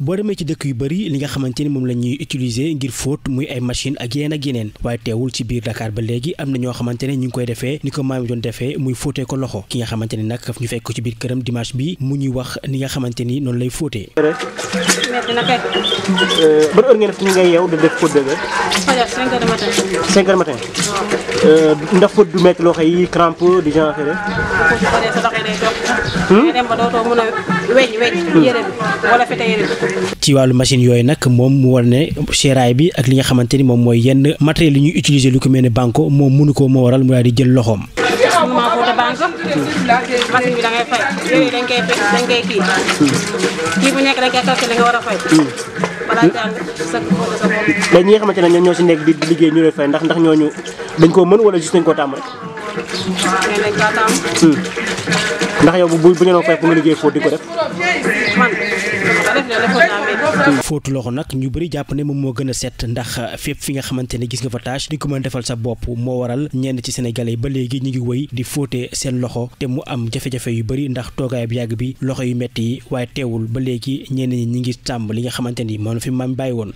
boo demee ci dëkk yu bëri li nga xamante ni moom la ñuy utiliser ngir fóot muy ay machine ak yeneen ak yeneen waaye teewul ci biir Dakar ba léegi am na ñoo xamante ne ñu ngi koy defee ni ko maam doon defee muy fóotee ko loxo ki nga xamante ni nag ñu fekk ko ci biir këram dimanche bi mu ñuy wax ni nga xamante ni noonu lay fóotee. Euh, ban yow di def fóot 5 ndax fët du métti loxo yi crampe di genre fële. ci wàllu machine yooyu nag moom mu war ne séeraay bi ak li nga xamante ni moom mooy yenn matériel li ñuy utiliser lu ko mel ne banco moom mënu ko moo waral mu daal di jël loxoom. machine bi da ngay fay yooyu kii kii bu nekk dañ koy calculer xamante ne ñoom ñoo si nekk di liggéey ñu lay fay ndax ndax ñooñu dañ koo mën wala gis koo tàmm rek. yow bu bu bu ñu doon fóotu loxo nag ñu bari jàpp ne moom moo gën a set ndax fépp fi nga xamante ne gis nga fa tâche di ko mën defal sa bopp moo waral ñenn ci sénégalais ba léegi ñu ngi wëy di fóote seen loxo te mu am jafe-jafe yu bëri ndax toogaay bu yàgg bi loxo yu metti yi waaye teewul ba léegi ñenn ñi ñu ngi tàmm li nga xamante ni moom fi maam bàyyi woon.